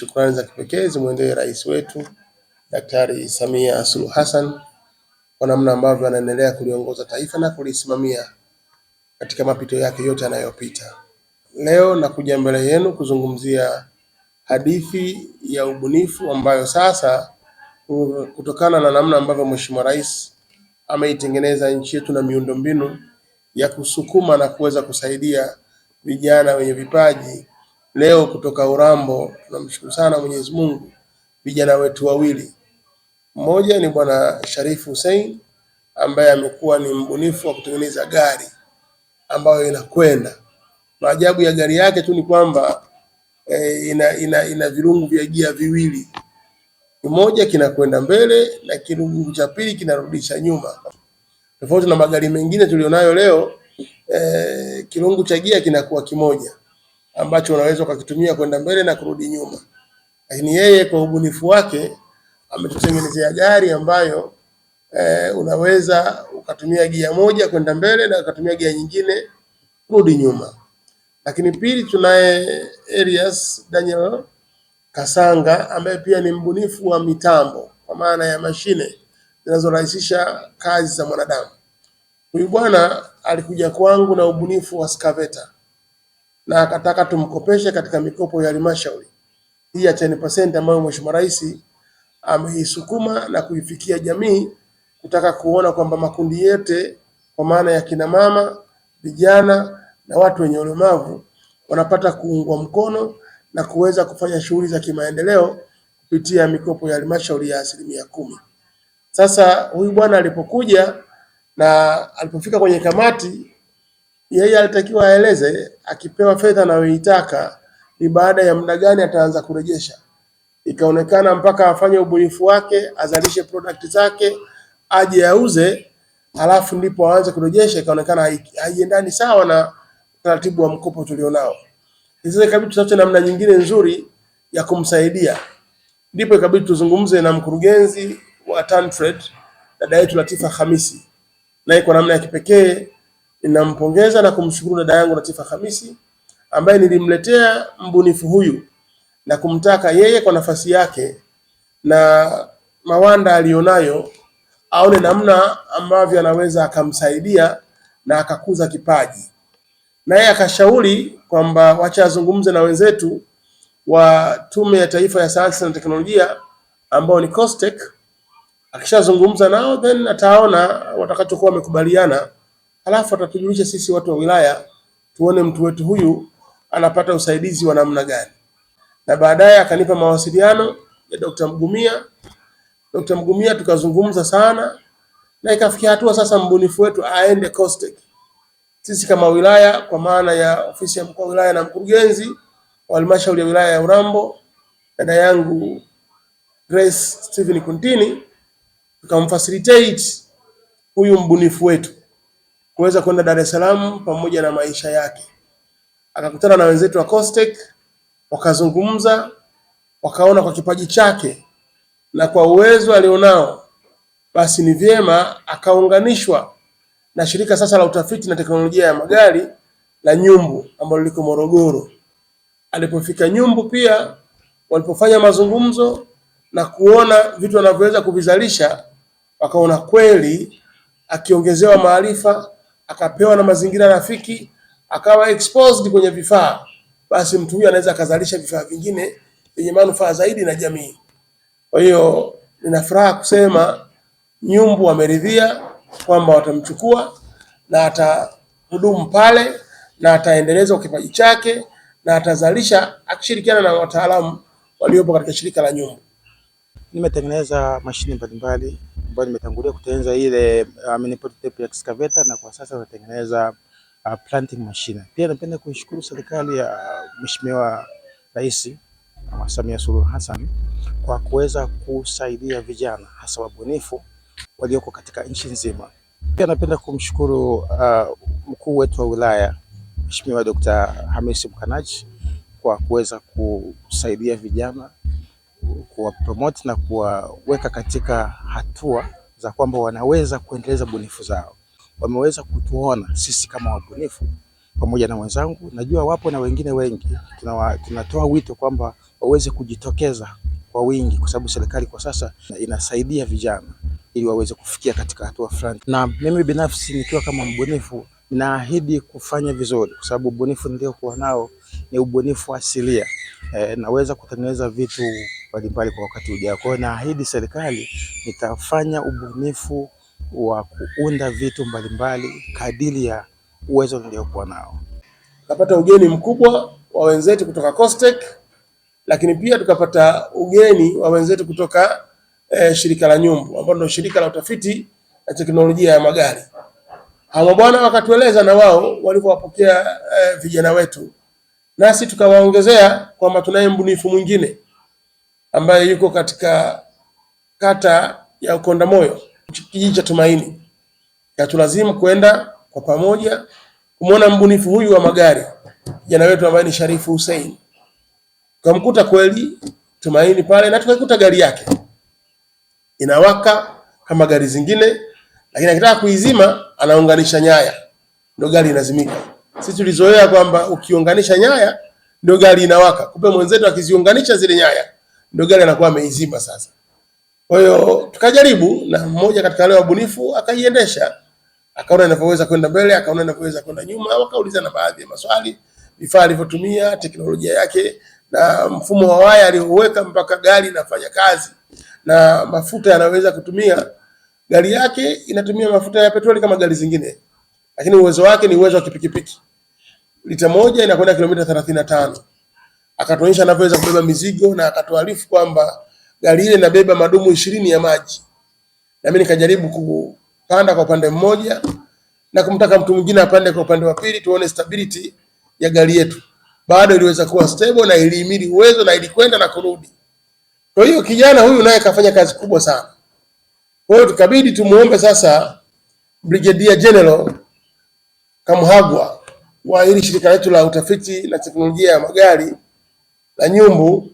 shukrani za kipekee zimwendee rais wetu Daktari Samia Suluhu Hassan kwa namna ambavyo anaendelea kuliongoza taifa na kulisimamia katika mapito yake yote yanayopita. Leo nakuja mbele yenu kuzungumzia hadithi ya ubunifu ambayo sasa kutokana na namna ambavyo Mheshimiwa Rais ameitengeneza nchi yetu na miundombinu ya kusukuma na kuweza kusaidia vijana wenye vipaji Leo kutoka Urambo tunamshukuru sana Mwenyezi Mungu, vijana wetu wawili, mmoja ni bwana Sharifu Hussein ambaye amekuwa ni mbunifu wa kutengeneza gari ambayo inakwenda. Maajabu ya gari yake tu ni kwamba e, ina, ina, ina virungu vya gia viwili, kimoja kinakwenda mbele na kirungu cha pili kinarudisha nyuma, tofauti na magari mengine tulionayo leo. E, kirungu cha gia kinakuwa kimoja ambacho unaweza ukakitumia kwenda mbele na kurudi nyuma, lakini yeye kwa ubunifu wake ametutengenezea gari ambayo eh, unaweza ukatumia gia moja kwenda mbele na ukatumia gia nyingine kurudi nyuma. Lakini pili, tunaye Elias Daniel Kasanga ambaye pia ni mbunifu wa mitambo kwa maana ya mashine zinazorahisisha kazi za mwanadamu. Huyu bwana alikuja kwangu na ubunifu wa skaveta na akataka tumkopeshe katika mikopo ya halmashauri hii ya 10% ambayo Mheshimiwa Rais ameisukuma na kuifikia jamii kutaka kuona kwamba makundi yote kwa maana ya kina mama, vijana na watu wenye ulemavu wanapata kuungwa mkono na kuweza kufanya shughuli za kimaendeleo kupitia mikopo ya halmashauri ya asilimia kumi. Sasa huyu bwana alipokuja na alipofika kwenye kamati yeye alitakiwa aeleze akipewa fedha anayoitaka ni baada ya muda gani ataanza kurejesha. Ikaonekana mpaka afanye ubunifu wake, azalishe product zake, aje auze, alafu ndipo aanze kurejesha. Ikaonekana haiendani sawa na taratibu wa mkopo tulionao. Sasa ikabidi tutafute namna nyingine nzuri ya kumsaidia, ndipo ikabidi tuzungumze na mkurugenzi wa Tantrade, dada yetu Latifa Hamisi, naye kwa namna ya kipekee Ninampongeza na kumshukuru dada yangu Latifa hamisi ambaye nilimletea mbunifu huyu na kumtaka yeye kwa nafasi yake na mawanda aliyonayo aone namna ambavyo anaweza akamsaidia na akakuza kipaji, naye akashauri kwamba wacha azungumze na wenzetu wa Tume ya Taifa ya Sayansi na Teknolojia ambao ni COSTECH. Akishazungumza nao then ataona watakachokuwa wamekubaliana halafu atatujulisha sisi watu wa wilaya, tuone mtu wetu huyu anapata usaidizi wa namna gani. Na baadaye akanipa mawasiliano ya Dr. Mgumia. Dr. Mgumia tukazungumza sana na ikafikia hatua sasa mbunifu wetu aende COSTECH. Sisi kama wilaya kwa maana ya ofisi ya mkuu wa wilaya na mkurugenzi wa halmashauri ya wilaya ya Urambo, dada yangu Grace Stephen Kuntini, tukamfacilitate huyu mbunifu wetu kuweza kwenda Dar es Salaam pamoja na maisha yake. Akakutana na wenzetu wa Costech, wakazungumza, wakaona kwa kipaji chake na kwa uwezo alionao, basi ni vyema akaunganishwa na shirika sasa la utafiti na teknolojia ya magari la Nyumbu ambalo liko Morogoro. Alipofika Nyumbu pia walipofanya mazungumzo na kuona vitu wanavyoweza kuvizalisha, wakaona kweli akiongezewa maarifa akapewa na mazingira rafiki, akawa exposed kwenye vifaa, basi mtu huyu anaweza akazalisha vifaa vingine vyenye manufaa zaidi na jamii. Kwa hiyo nina furaha kusema Nyumbu wameridhia kwamba watamchukua na atahudumu pale na ataendeleza kipaji chake na atazalisha akishirikiana na wataalamu waliopo katika shirika la Nyumbu. Nimetengeneza mashine mbalimbali ambayo nimetangulia kutengeneza ile uh, manifold tape excavator, na kwa sasa natengeneza uh, planting machine. Pia napenda kuishukuru serikali ya uh, Mheshimiwa Rais uh, Samia Suluhu Hassan kwa kuweza kusaidia vijana hasa wabunifu walioko katika nchi nzima. Pia napenda kumshukuru uh, mkuu wetu wa wilaya Mheshimiwa Dr. Hamisi Mkanaji kwa kuweza kusaidia vijana kuwapromote na kuwaweka katika hatua za kwamba wanaweza kuendeleza bunifu zao. Wameweza kutuona sisi kama wabunifu pamoja na wenzangu, najua wapo na wengine wengi. Tunawa, tunatoa wito kwamba waweze kujitokeza kwa wingi, kwa sababu serikali kwa sasa inasaidia vijana ili waweze kufikia katika hatua fulani. Na mimi binafsi nikiwa kama mbunifu naahidi kufanya vizuri, kwa sababu ubunifu niliokuwa nao ni ubunifu asilia. E, naweza kutengeneza vitu mbalimbali kwa wakati ujao. Kwa hiyo naahidi serikali nitafanya ubunifu wa kuunda vitu mbalimbali kadiri ya uwezo niliokuwa nao. Napata ugeni mkubwa wa wenzetu kutoka Costec, lakini pia tukapata ugeni wa wenzetu kutoka eh, shirika la Nyumbu ambalo ndio shirika la utafiti na teknolojia ya magari. Hawa bwana wakatueleza na wao walivyowapokea eh, vijana wetu, nasi tukawaongezea kwamba tunaye mbunifu mwingine ambaye yuko katika kata ya Ukonda Moyo, kijiji cha Tumaini, yatulazimu kwenda kwa pamoja kumwona mbunifu huyu wa magari, kijana wetu ambaye ni Sharifu Hussein. Tukamkuta kweli Tumaini pale na tukaikuta gari yake inawaka kama gari zingine, lakini akitaka kuizima anaunganisha nyaya ndio gari inazimika. Sisi tulizoea kwamba ukiunganisha nyaya ndio gari inawaka, kumbe mwenzetu akiziunganisha zile nyaya ndio gari anakuwa ameizima sasa. Kwa hiyo tukajaribu, na mmoja katika wale wabunifu akaiendesha, akaona inavyoweza kwenda mbele, akaona inavyoweza kwenda nyuma, na baadhi ya maswali, vifaa alivyotumia, teknolojia yake na mfumo wa waya alioweka mpaka gari inafanya kazi na mafuta yanaweza kutumia. Gari yake inatumia mafuta ya petroli kama gari zingine, lakini uwezo wake ni uwezo wa kipikipiki. Lita moja inakwenda kilomita thelathini na tano akatuonyesha anavyoweza kubeba mizigo na akatuarifu kwamba gari ile inabeba madumu ishirini ya maji, na mimi nikajaribu kupanda kwa upande mmoja na kumtaka mtu mwingine apande kwa upande wa pili, tuone stability ya gari yetu. Bado iliweza kuwa stable na ilihimili uwezo na ilikwenda na kurudi. Kwa hiyo kijana huyu naye kafanya kazi kubwa sana. Kwa hiyo tukabidi tumuombe sasa Brigadier General Kamhagwa wa hili shirika letu la utafiti na teknolojia ya magari la nyumbu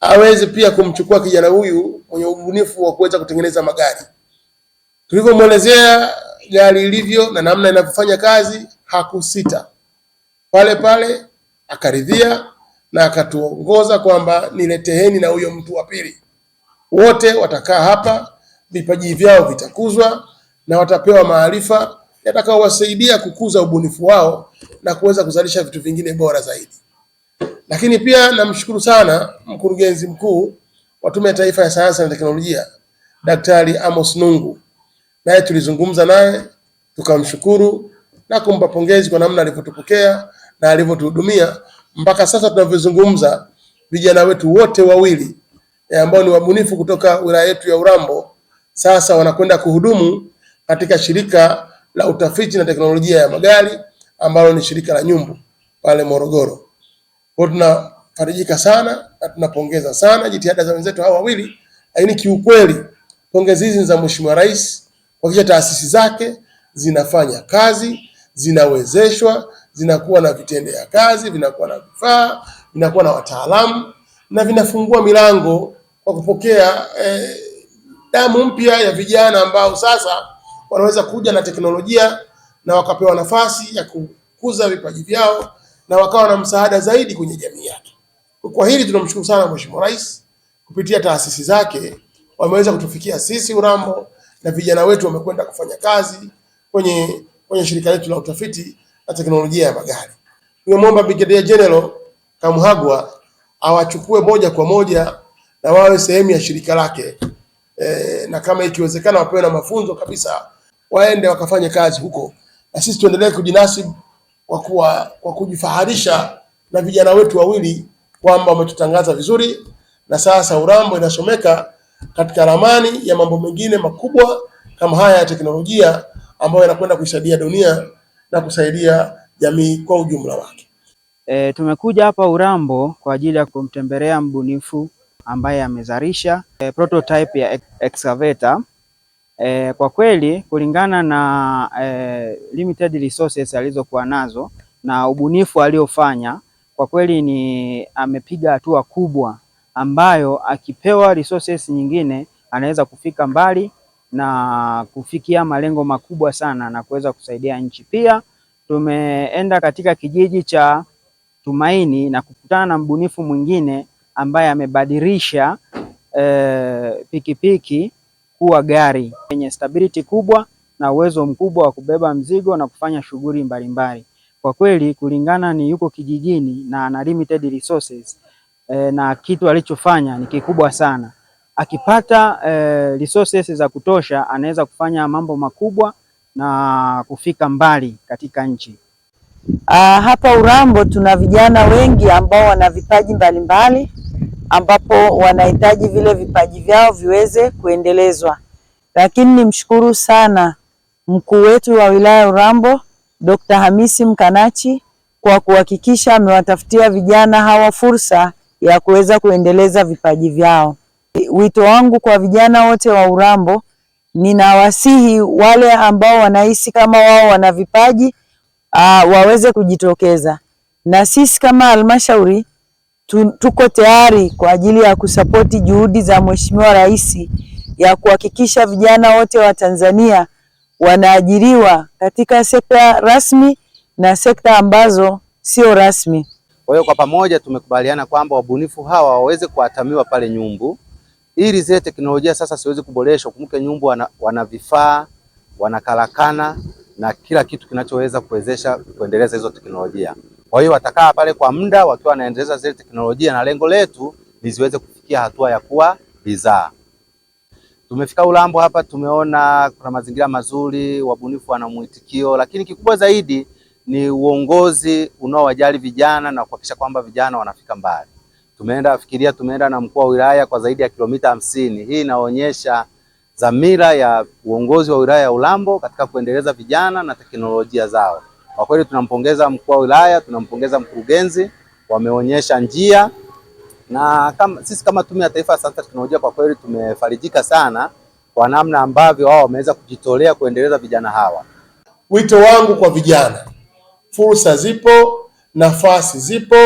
aweze pia kumchukua kijana huyu mwenye ubunifu wa kuweza kutengeneza magari. Tulivyomwelezea gari ilivyo na namna inavyofanya kazi, hakusita pale pale akaridhia na akatuongoza kwamba nileteheni na huyo mtu wa pili, wote watakaa hapa, vipaji vyao vitakuzwa na watapewa maarifa yatakayowasaidia kukuza ubunifu wao na kuweza kuzalisha vitu vingine bora zaidi. Lakini pia namshukuru sana mkurugenzi mkuu wa Tume ya Taifa ya Sayansi na Teknolojia Daktari Amos Nungu, naye tulizungumza naye tukamshukuru na kumpa pongezi kwa namna alivyotupokea na alivyotuhudumia. Mpaka sasa tunavyozungumza, vijana wetu wote wawili eh, ambao ni wabunifu kutoka wilaya yetu ya Urambo sasa wanakwenda kuhudumu katika shirika la utafiti na teknolojia ya magari ambalo ni shirika la Nyumbu pale Morogoro. Kwa tunafarijika sana na tunapongeza sana jitihada za wenzetu hawa wawili, lakini kiukweli pongezi hizi ni za Mheshimiwa Rais kuhakikisha taasisi zake zinafanya kazi, zinawezeshwa, zinakuwa na vitendea kazi, vinakuwa na vifaa, vinakuwa na wataalamu na vinafungua milango kwa kupokea eh, damu mpya ya vijana ambao sasa wanaweza kuja na teknolojia na wakapewa nafasi ya kukuza vipaji vyao na wakawa na msaada zaidi kwenye jamii yake. Kwa hili tunamshukuru sana Mheshimiwa Rais, kupitia taasisi zake wameweza kutufikia sisi Urambo, na vijana wetu wamekwenda kufanya kazi kwenye kwenye shirika letu la utafiti na teknolojia ya magari. Nimemwomba Brigadier General Kamuhagwa awachukue moja kwa moja na wawe sehemu ya shirika lake e, na kama ikiwezekana wapewe na mafunzo kabisa, waende wakafanye kazi huko, na sisi tuendelee kujinasibu kwa kuwa kwa kujifaharisha na vijana wetu wawili kwamba wametutangaza vizuri, na sasa Urambo inasomeka katika ramani ya mambo mengine makubwa kama haya ya teknolojia ambayo yanakwenda kuisaidia dunia na kusaidia jamii kwa ujumla wake. E, tumekuja hapa Urambo kwa ajili ya kumtembelea mbunifu ambaye amezalisha e, prototype ya excavator E, kwa kweli kulingana na e, limited resources alizokuwa nazo na ubunifu aliofanya, kwa kweli ni amepiga hatua kubwa ambayo akipewa resources nyingine anaweza kufika mbali na kufikia malengo makubwa sana na kuweza kusaidia nchi. Pia tumeenda katika kijiji cha Tumaini na kukutana na mbunifu mwingine ambaye amebadilisha e, pikipiki kuwa gari yenye stability kubwa na uwezo mkubwa wa kubeba mzigo na kufanya shughuli mbalimbali. Kwa kweli kulingana ni yuko kijijini na ana limited resources e, na kitu alichofanya ni kikubwa sana. Akipata e, resources za kutosha anaweza kufanya mambo makubwa na kufika mbali katika nchi. Uh, hapa Urambo tuna vijana wengi ambao wana vipaji mbalimbali mbali ambapo wanahitaji vile vipaji vyao viweze kuendelezwa. Lakini nimshukuru sana mkuu wetu wa wilaya Urambo Dr. Hamisi Mkanachi kwa kuhakikisha amewatafutia vijana hawa fursa ya kuweza kuendeleza vipaji vyao. Wito wangu kwa vijana wote wa Urambo, ninawasihi wale ambao wanahisi kama wao wana vipaji uh, waweze kujitokeza, na sisi kama halmashauri tuko tayari kwa ajili ya kusapoti juhudi za Mheshimiwa Rais ya kuhakikisha vijana wote wa Tanzania wanaajiriwa katika sekta rasmi na sekta ambazo sio rasmi. Kwa hiyo kwa pamoja tumekubaliana kwamba wabunifu hawa waweze kuatamiwa pale Nyumbu ili zile teknolojia sasa siwezi kuboreshwa. Kumbuke Nyumbu wana, wana vifaa wana karakana na kila kitu kinachoweza kuwezesha kuendeleza hizo teknolojia. Kwa hiyo watakaa pale kwa muda wakiwa wanaendeleza zile teknolojia, na lengo letu ni ziweze kufikia hatua ya kuwa bidhaa. Tumefika Urambo hapa, tumeona kuna mazingira mazuri, wabunifu wana mwitikio, lakini kikubwa zaidi ni uongozi unaowajali vijana na kuhakikisha kwamba vijana wanafika mbali. Tumeenda fikiria, tumeenda na mkuu wa wilaya kwa zaidi ya kilomita hamsini. Hii inaonyesha dhamira ya uongozi wa wilaya ya Urambo katika kuendeleza vijana na teknolojia zao. Kwa kweli tunampongeza mkuu wa wilaya, tunampongeza mkurugenzi, wameonyesha njia na kama, sisi kama Tume ya Taifa ya Sayansi na Teknolojia kwa kweli tumefarijika sana kwa namna ambavyo wao wameweza kujitolea kuendeleza vijana hawa. Wito wangu kwa vijana, fursa zipo, nafasi zipo,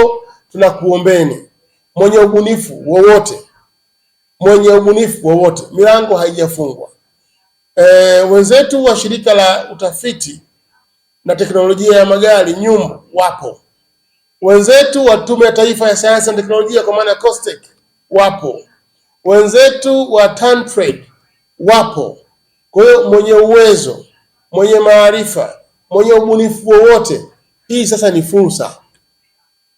tunakuombeni mwenye ubunifu wowote, mwenye ubunifu wowote, milango haijafungwa. E, wenzetu wa shirika la utafiti na teknolojia ya magari, nyumba, wapo wenzetu wa Tume ya Taifa ya Sayansi na Teknolojia kwa maana ya COSTECH wapo wenzetu wa TanTrade wapo. Kwa hiyo mwenye uwezo, mwenye maarifa, mwenye ubunifu wowote, hii sasa ni fursa.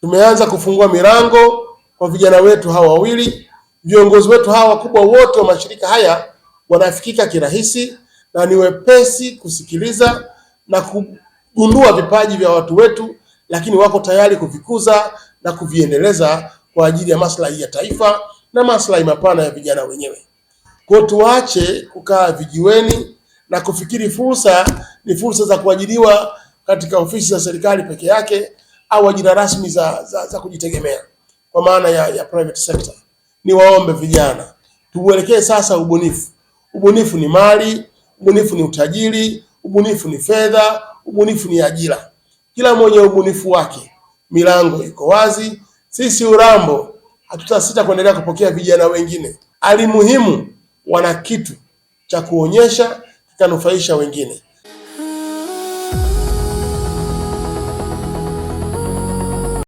Tumeanza kufungua milango kwa vijana wetu hawa wawili, viongozi wetu hawa wakubwa wote wa mashirika haya wanafikika kirahisi na ni wepesi kusikiliza na kugundua vipaji vya watu wetu, lakini wako tayari kuvikuza na kuviendeleza kwa ajili ya maslahi ya taifa na maslahi mapana ya vijana wenyewe. Kwa tuache kukaa vijiweni na kufikiri fursa ni fursa za kuajiriwa katika ofisi za serikali peke yake au ajira rasmi za, za, za kujitegemea kwa maana ya, ya private sector. Ni waombe vijana tuuelekee sasa ubunifu. Ubunifu ni mali, ubunifu ni utajiri, ubunifu ni fedha, Ubunifu ni ajira, kila mwenye ubunifu wake, milango iko wazi. Sisi Urambo hatutasita kuendelea kupokea vijana wengine, alimuhimu wana kitu cha kuonyesha kikanufaisha wengine.